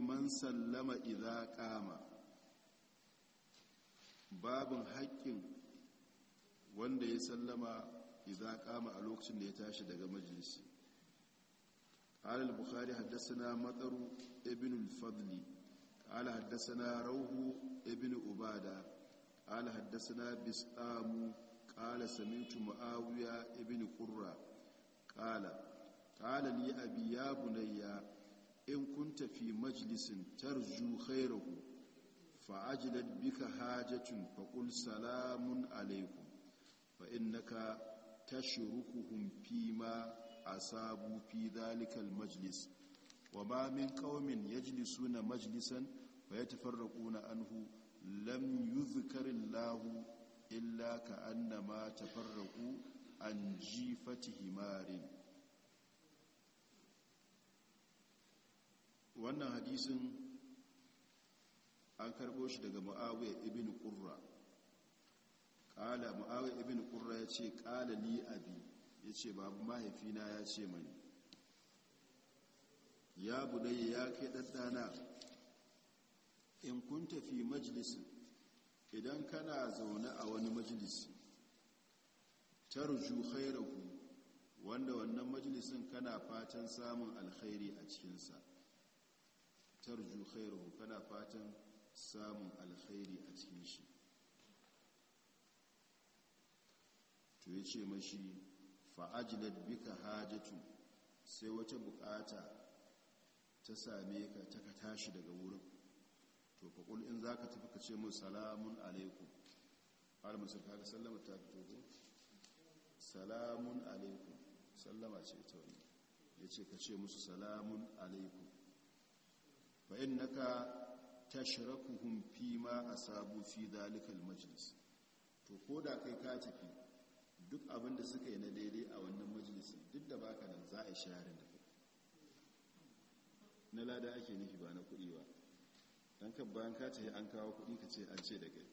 man sallama idza qama babin haƙƙin wanda ya sallama idza qama a lokacin da ya tashi daga majalisi قال البخاري حدثنا مطر ابن الفضل قال حدثنا روح ابن عبادة قال حدثنا بسام قال سمعت معاوية ابن قرة قال قال لي أبي يا بني in kunta fi majlisin tarju khairahu fa ajlad bika hajatun fa qul salamun alaykum fa innaka tashrukuhum fi ma asabu fi dhalikal majlis wa ma min qaumin yajlisuna majlisan fa yatafarraquna anhu lam yuzkarillahu illa ka annama tafarraqu an jifati himarin wannan hadisin an karbo shi daga ma'awiyar ibn ƙurra ƙala ma'awiyar ibn ƙurra ya ce ƙala ni abi ya ce babu mahaifina ya ce mani ya budai ya ke ɗaddana in kun tafi majalisin idan kana zaune a wani majalisi ta ruju khairahu wanda wannan majalisin kana fatan samun alkhairi a cikinsa tarju khairuhu kana fatan samun alkhairi a cikin shi to ya ce fa ajlad bika hajatu sai wata bukata ta same ka ta ka tashi daga wurin to faƙul in za ka tafi ka ce mun salamun alaikum almasar kaga sallama ta fito ko salamun alaikum sallama ce ta wani ya ce ka ce musu salamun alaikum fa innaka tashrakuhum fi ma asabu fi zalikal majlis to ko da kai ka tafi duk abin da suka yi na daidai a wannan majalisi duk da baka nan za a sharin da kai na lada ake nufi ba na kuɗi ba don kan bayan ka ce an kawo kuɗi ka ce an ce da kai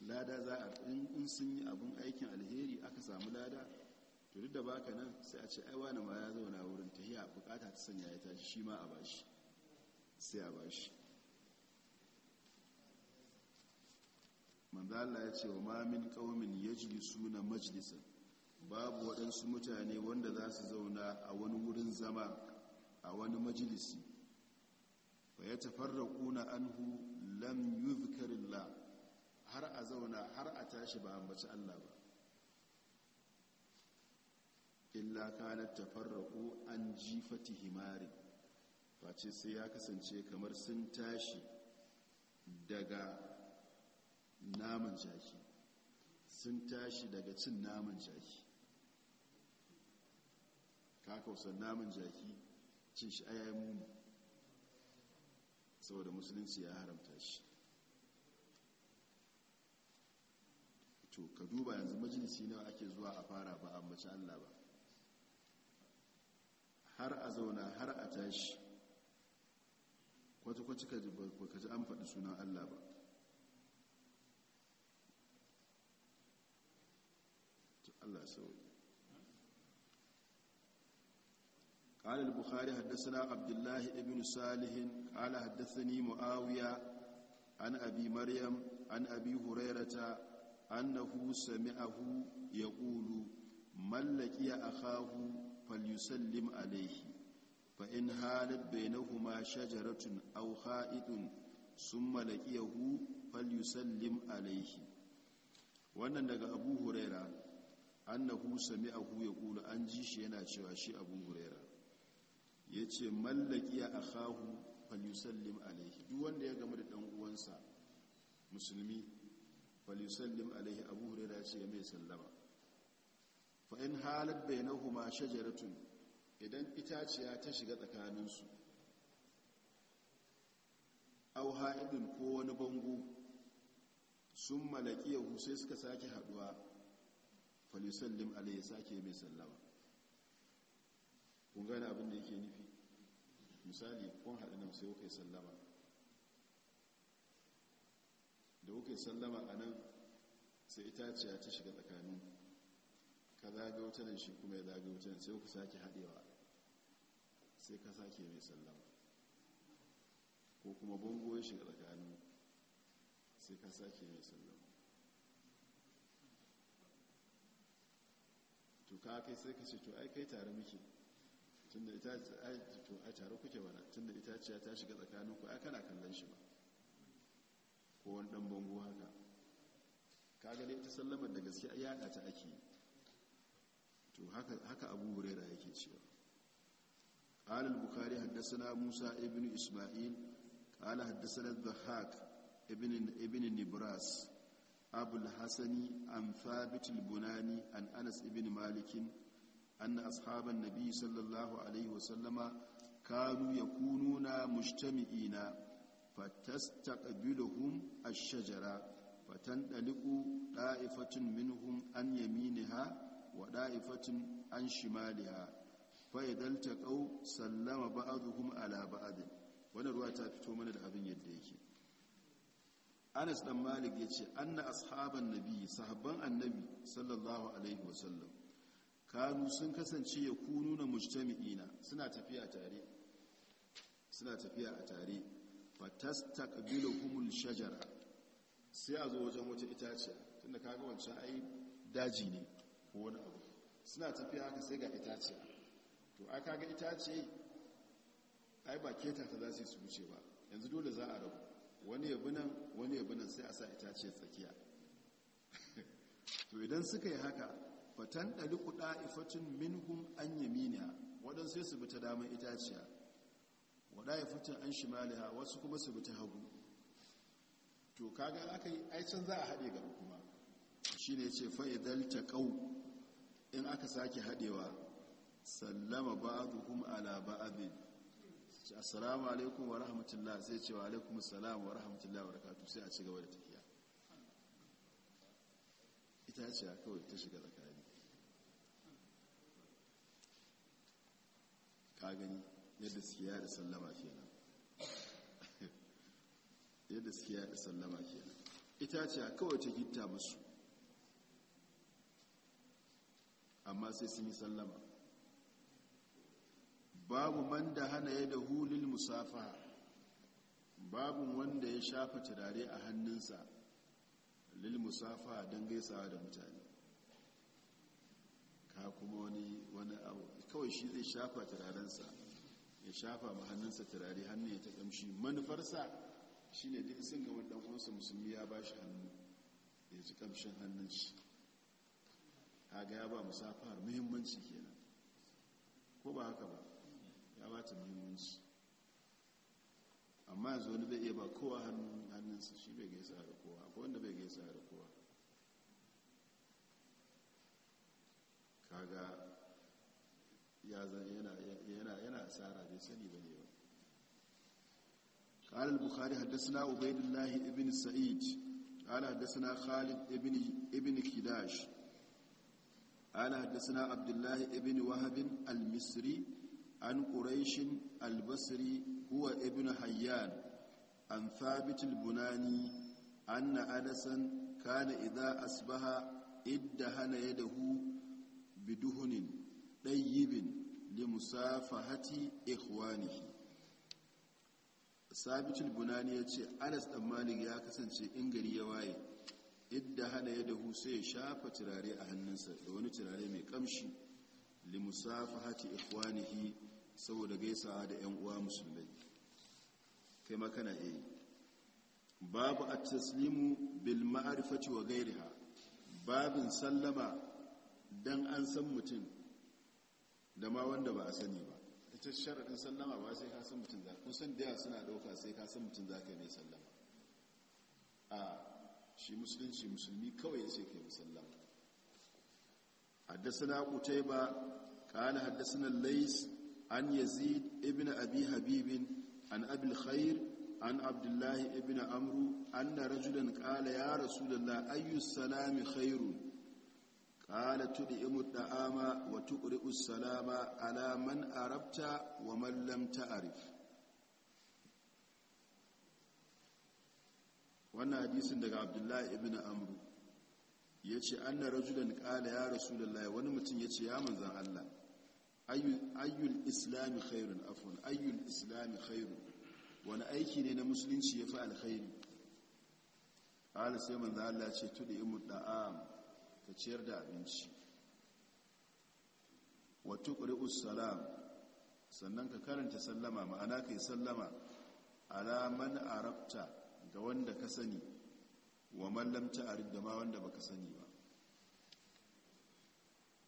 lada za a in sun yi abin aikin alheri aka samu lada to duk da baka nan sai a ce ai wani ma ya zauna wurin tahiya bukata ta sanya ya tashi shi ma a bashi sai a bashi manzo ya ce wa ma min qaumin yajlisuna majlisan babu waɗansu mutane wanda za su zauna a wani wurin zama a wani majlisi fa ya tafarraquna anhu lam yuzkarillah har a zauna har a tashi ba ambaci Allah ba illa kanat tafarraqu an jifati himari face sai ya kasance kamar sun tashi daga naman jaki sun tashi daga cin naman jaki kakausan naman jaki cin shi ayayin muni saboda musulunci ya haramta shi to ka duba yanzu majalisi nawa ake zuwa a fara ba a mace Allah ba har a zauna har a tashi kwaci-kwaci ka ji an faɗi sunan allah ba allah sauri قال البخاري حدثنا عبد الله بن صالح قال حدثني معاوية عن أبي مريم عن أبي هريرة أنه سمعه يقول من لقي أخاه falyusallim alaihi fa in halat bainahuma shajaratun au ha'idun malaki laqiyahu falyusallim alaihi wannan daga abu huraira annahu sami'ahu kula, an ji shi yana cewa shi abu huraira yace mallaqiya akahu falyusallim alaihi duk wanda ya gama da ɗan uwansa musulmi falyusallim alaihi abu huraira ce mai sallama fa in halat bainahuma shajaratun idan itaciya ta shiga tsakaninsu aw idin ko wani bango sun malakiyahu sai suka sake haduwa falisallim alayhi sake mai sallama kun gane abin da yake nufi misali kun haɗu nan sai kuka sallama da kuka sallama a nan sai itaciya ta shiga tsakanin ka zaga wata shi kuma ya zaga wata sai ku sake haɗewa sai ka sake mai sallama ko kuma bango ya shiga tsakanin sai ka sake mai sallama to ka kai sai ka ce to ai kai tare muke tunda ita to ai tare kuke bana tunda ita ce ta shiga tsakanin ku ai kana kallon shi ba ko wani dan bango haka kaga dai ita sallamar da gaskiya ya ta ake yi to haka abu huraira yake cewa قال البخاري حدثنا موسى ابن إسماعيل قال حدثنا الضحاك ابن, ابن النبراس أبو الحسن عن ثابت البناني عن أنس ابن مالك أن أصحاب النبي صلى الله عليه وسلم كانوا يكونون مجتمعين فتستقبلهم الشجرة فتندلق طائفة منهم عن يمينها wa da'ifatin an shimaliha fa idan taqaw sallama ba'dhum ala wannan ruwa ta fito mana da abin yadda yake Anas dan Malik yace anna ashaban nabi sahabban annabi sallallahu alaihi wasallam kanu sun kasance ya kunu na mujtami'ina suna tafiya a tare suna tafiya a tare shajara sai a zo wajen wata itaciya tunda kaga wancan ai daji ne ko wani abu suna tafiya haka sai ga itace to aka ga itace ai ba keta ta za su yi su wuce ba yanzu dole za a rabu wani yabi nan wani yabi nan sai a sa itace tsakiya to idan suka yi haka fatan ɗali kuɗa ifatin minhum an yamina waɗansu sai su bi ta damar itaciya waɗa ifatin an shimaliha wasu kuma su bi ta hagu to kaga aka yi aicin za a haɗe gaba kuma shi ne ce fa'idal ta ƙau in aka sake haɗewa sallama ba'aduhum ala ba'adin assalamu alaikum wa rahmatullah sai ce wa alaikum assalam wa rahmatullah wa rakatu sai a ci gaba da tafiya ita ce kawai ta shiga tsakani ka gani yadda suke yada sallama kenan yadda suke yada sallama kenan ita ce kawai ta gita musu amma sai sun yi sallama babu man da hana ya da hulil musafa babu wanda ya shafa turare a hannunsa lil musafa don gaisawa da mutane ka kuma wani wani abu kawai shi zai shafa turarensa ya shafa ma hannunsa turare hannun ya ta kamshi manufarsa shi ne duk sun gama ɗan'uwansa musulmi ya ba shi hannu ya ci kamshin hannun shi kaga ya ba musafahar muhimmanci kenan ko ba haka ba ya ba ta muhimmanci amma yanzu wani bai iya ba kowa hannunsa shi bai gaisa da kowa ko wanda bai gaisa da kowa kaga ya zai yana asara bai sani ba ne ba قال البخاري حدثنا عبيد الله بن سعيد قال حدثنا خالد بن ابن كداش قال حدثنا عبد الله ابن وهب المصري عن قريش البصري هو ابن حيان عن ثابت البناني أن أنسا كان إذا أصبح إدهن يده بدهن طيب لمسافحة إخوانه ثابت البناني يقول أنس anas يا malik إنجري kasance idda hada ya dahu sai ya shafa turare a hannunsa da wani turare mai kamshi limusafahati ikhwanihi saboda gaisawa da yan uwa musulmai kai ma kana babu at-taslimu bil ma'rifati wa ghayriha babin sallama dan an san mutum da ma wanda ba a sani ba ita sharadin sallama ba sai ka san mutum za kun san da suna ɗauka sai ka san mutum za ka yi mai sallama shi musulunci musulmi kawai ya ce kai musallam haddasana qutayba qala haddasana lais an yazid ibn abi Habibin, an abi khair an Abdullahi ibn amru anna rajulan qala ya rasulullah ayyu salami khairun قال wa الدعام وتقرئ السلام على من أربت ومن لم تعرف wannan hadisin daga abdullahi ibn amru ya ce an na rajulan ƙala ya rasu da laye wani mutum ya ce ya manzan allah ayyul islami khairun afon ayyul islami khairun wani aiki ne na musulunci ya fi alkhairi ala sai manzan allah ce tuɗe imu ɗa'am ka ciyar da abinci wato ƙuri'u salam sannan ka karanta sallama ma'ana ka yi sallama alaman arabta da wanda ka sani wa mallam ta'arif da ma wanda ba ka sani ba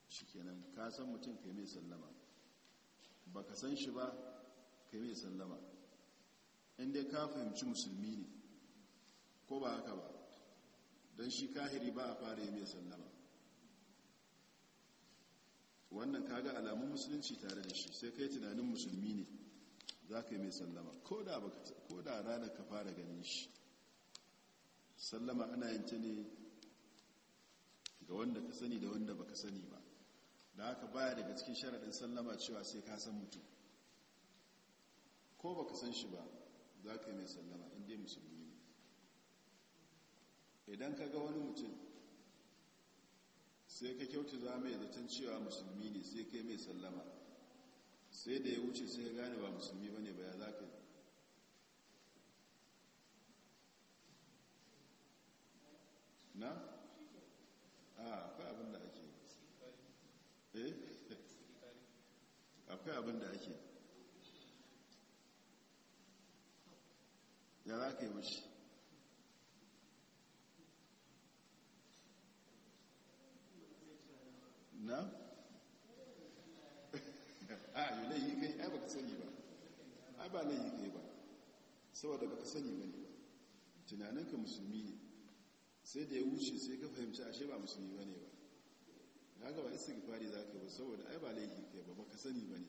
shikenan ka san mutum yi mai sallama Ba ka san shi ba yi mai sallama inda ka fahimci musulmi ne ko ba haka ba don shi kahiri ba a fara yi mai sallama wannan kaga alamun musulunci tare da shi sai kai tunanin musulmi ne za ka yi mai sallama ko da ranar ka fara ganin shi sallama ana yin ta ne ga wanda ka sani da wanda baka sani ba da haka baya daga cikin sharaɗin sallama cewa sai ka san mutum ko baka san shi ba za ka yi mai sallama inda musulmi ne idan ka ga wani mutum sai ka kyauta za mai zaton cewa musulmi ne sai ka yi mai sallama sai da ya wuce sai ya gane ba musulmi ba ne ba ya za ka yi na ah, akwai abin da ake eh akwai abin da ake ya za ka yi mashi na a yi layi kai ya ka sani ba ai ba yi kai ba saboda ka sani ba ne tunaninka musulmi ne sai da ya wuce sai ka fahimci ashe ba musulmi ba ne ba haka ba fari za ka ba saboda ai ba laifi kai ba baka sani ba ne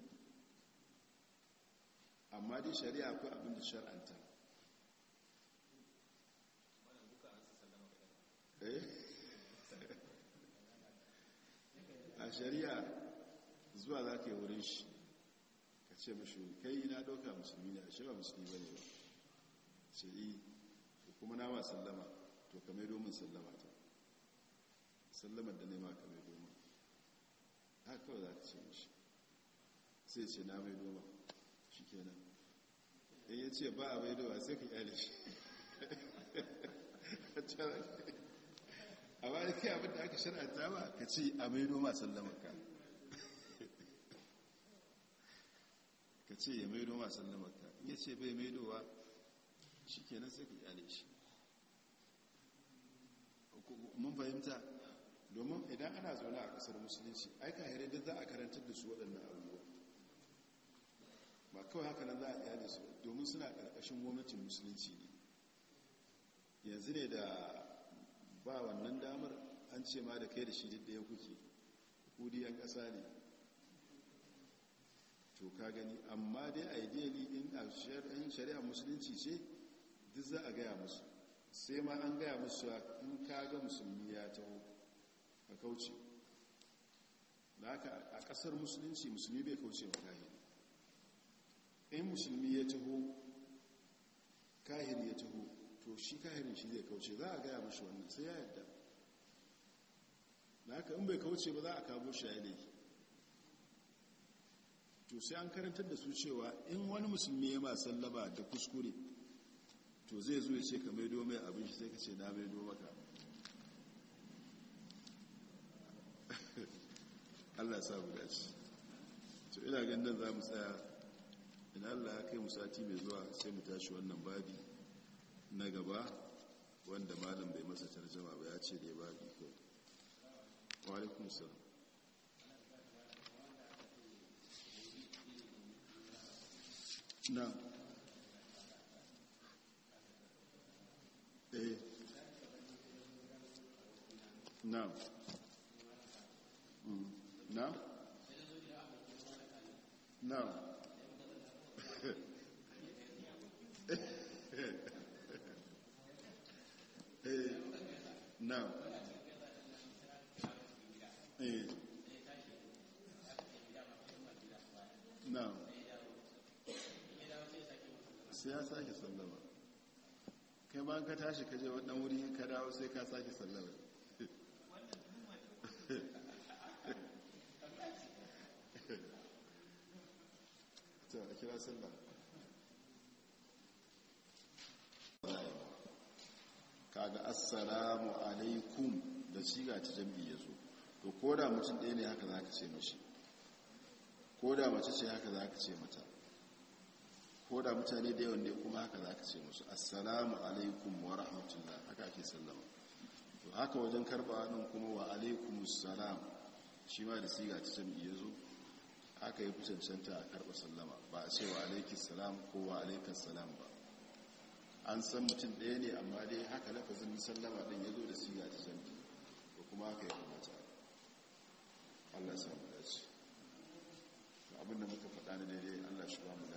amma dai shari'a ko abin da shar'anta eh? a shari'a zuwa za ka yi wurin shi ka ce mashi kai na ɗauka musulmi ne ashe ba musulmi ba ne ba ce yi kuma na wa sallama to ka maido sallama ta sallamar da nema ka maido min haka kawai za ka ce mishi sai ce na maido ma shi kenan in ya ce ba a maido ba sai ka kyale shi a bayan kai abinda aka shirata ba ka ce a maido ma sallamar ka ka ce ya maido ma sallamar ka in ya ce bai maidowa shi kenan sai ka kyale shi mun fahimta domin idan ana zaune a kasar musulunci aika hira da za a karantar da su waɗannan abubuwa ba kawai haka nan za a iya da su domin suna ƙarƙashin gwamnatin musulunci ne yanzu ne da ba wannan damar an ce ma da kai da shi ɗaya kuke 'yan ƙasa ne to ka gani amma dai ideally in a shari'ar musulunci ce duk za a gaya musu sai ma an gaya musu in ka ga musulmi ya taho ka kauce da haka a ƙasar musulunci musulmi bai kauce wa kahiri in musulmi ya taho kahiri ya taho to shi kahirin shi zai kauce za a gaya musu wannan sai ya yadda da haka in bai kauce ba za a kabo shi ya laifi to sai an karantar da su cewa in wani musulmi ya ma sallaba da kuskure to zai zo ya ce ka maido mai abin shi sai ka ce na maido maka allah sa guda ce to ina ganin za mu tsaya ina allah ya kai musati mai zuwa sai mu tashi wannan babi na gaba wanda malam bai masa tarjama ba ya ce da ya babi ko wa alaikun na E... Não. Hum. Não? Não. E... Não. E... Não. Não. Não. Não. kai ma ka tashi ka je wannan wuri ka dawo sai ka sake sallama ta kira kaga assalamu alaikum da shi ga ta jambi ya zo to ko da mutum ɗaya ne haka za ka ce mashi ko da mace ce haka za ka ce mata ko da mutane da yawan ne kuma haka za ka ce musu assalamu alaikum wa rahmatullah haka ake sallama to haka wajen karba nan kuma wa assalam shi ma da siga ta sami iya zo aka yi kusancanta a karɓa sallama ba a ce wa salam ko wa salam ba an san mutum ɗaya ne amma dai haka lafazin sallama ɗin ya zo da siga ta sami da kuma haka ya kamata allah samu dace abinda muka faɗa na daidai allah shi ba mu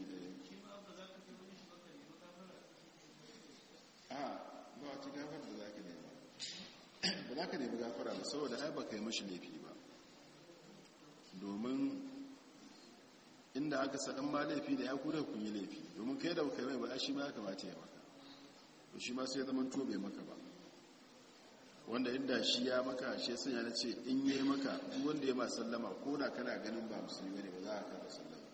ka nemi gafara ba saboda ai baka yi mashi laifi ba domin inda aka sakan ma laifi da ya kuda kun yi laifi domin kai da kai mai ba shi ma ya kamata ya maka to shi ma sai ya zama tobe maka ba wanda inda shi ya maka shi sun yana ce in yi maka duk wanda ya ma sallama ko da kana ganin ba musulmi ne ba za a kafa sallama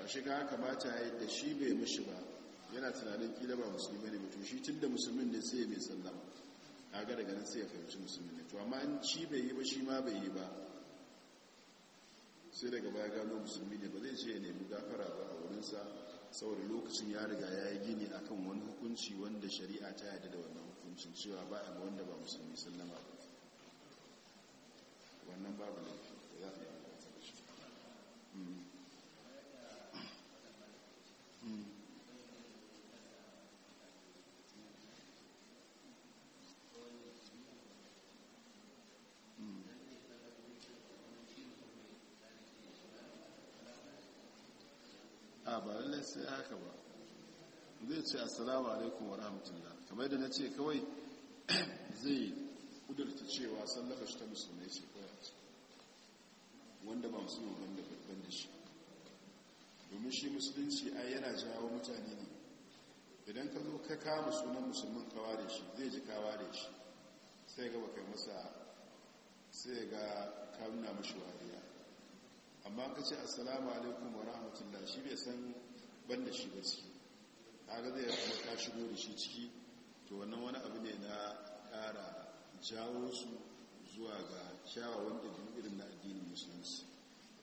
ba shi ka kamata ya yi da shi bai mishi ba yana tunanin kila ba musulmi ne ba to shi tun da musulmin ne sai ya mai sallama ga daga nan sai ya fahimci musulmi ne to amma in shi bai yi ba shi ma bai yi ba sai daga baya gano musulmi ne ba zai ce ya nemi gafara ba a wurinsa saboda lokacin ya riga ya yi gini akan wani hukunci wanda shari'a ta yadda da wannan hukuncin cewa ba a wanda ba musulmi sallama ba wannan babu laifi za a yi sai haka ba zai ce assalamu alaikum wa rahmatullah kamar da na ce kawai zai kudurta cewa sallaka shi ta musulmai ce kawai ce wanda ba musulman wanda babban da shi domin shi musulunci ai yana jawo mutane ne idan ka zo ka kama sunan musulman kawa da shi zai ji kawa da shi sai ga baka masa sai ga kamuna mashi wariya amma ka ce assalamu alaikum wa rahmatullah shi bai san ban da shi ba ciki zai kuma ka shigo da shi ciki to wannan wani abu ne na ƙara jawo su zuwa ga kyawawan jin irin na addinin musulunci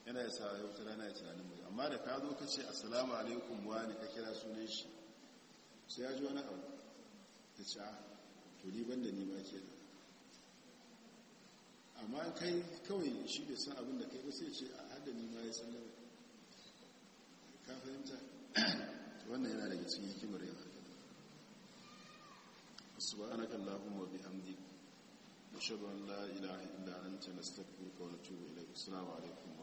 yana ya sa yau tara na tunanin mai amma da ka zo ka ce assalamu alaikum wa ne ka kira sunan shi sai ya ji wani abu ta ce ah, to ni ban da ni ba ke amma kai kawai shi da san abin da kai ba sai ce a ah, hada ni ma ya sallama ka fahimta wannan yana daga cikin hikimar yin haka subhanaka allahumma wa bihamdik nashhadu an la ilaha illa anta nastaghfiruka wa natubu ilayk assalamu alaikum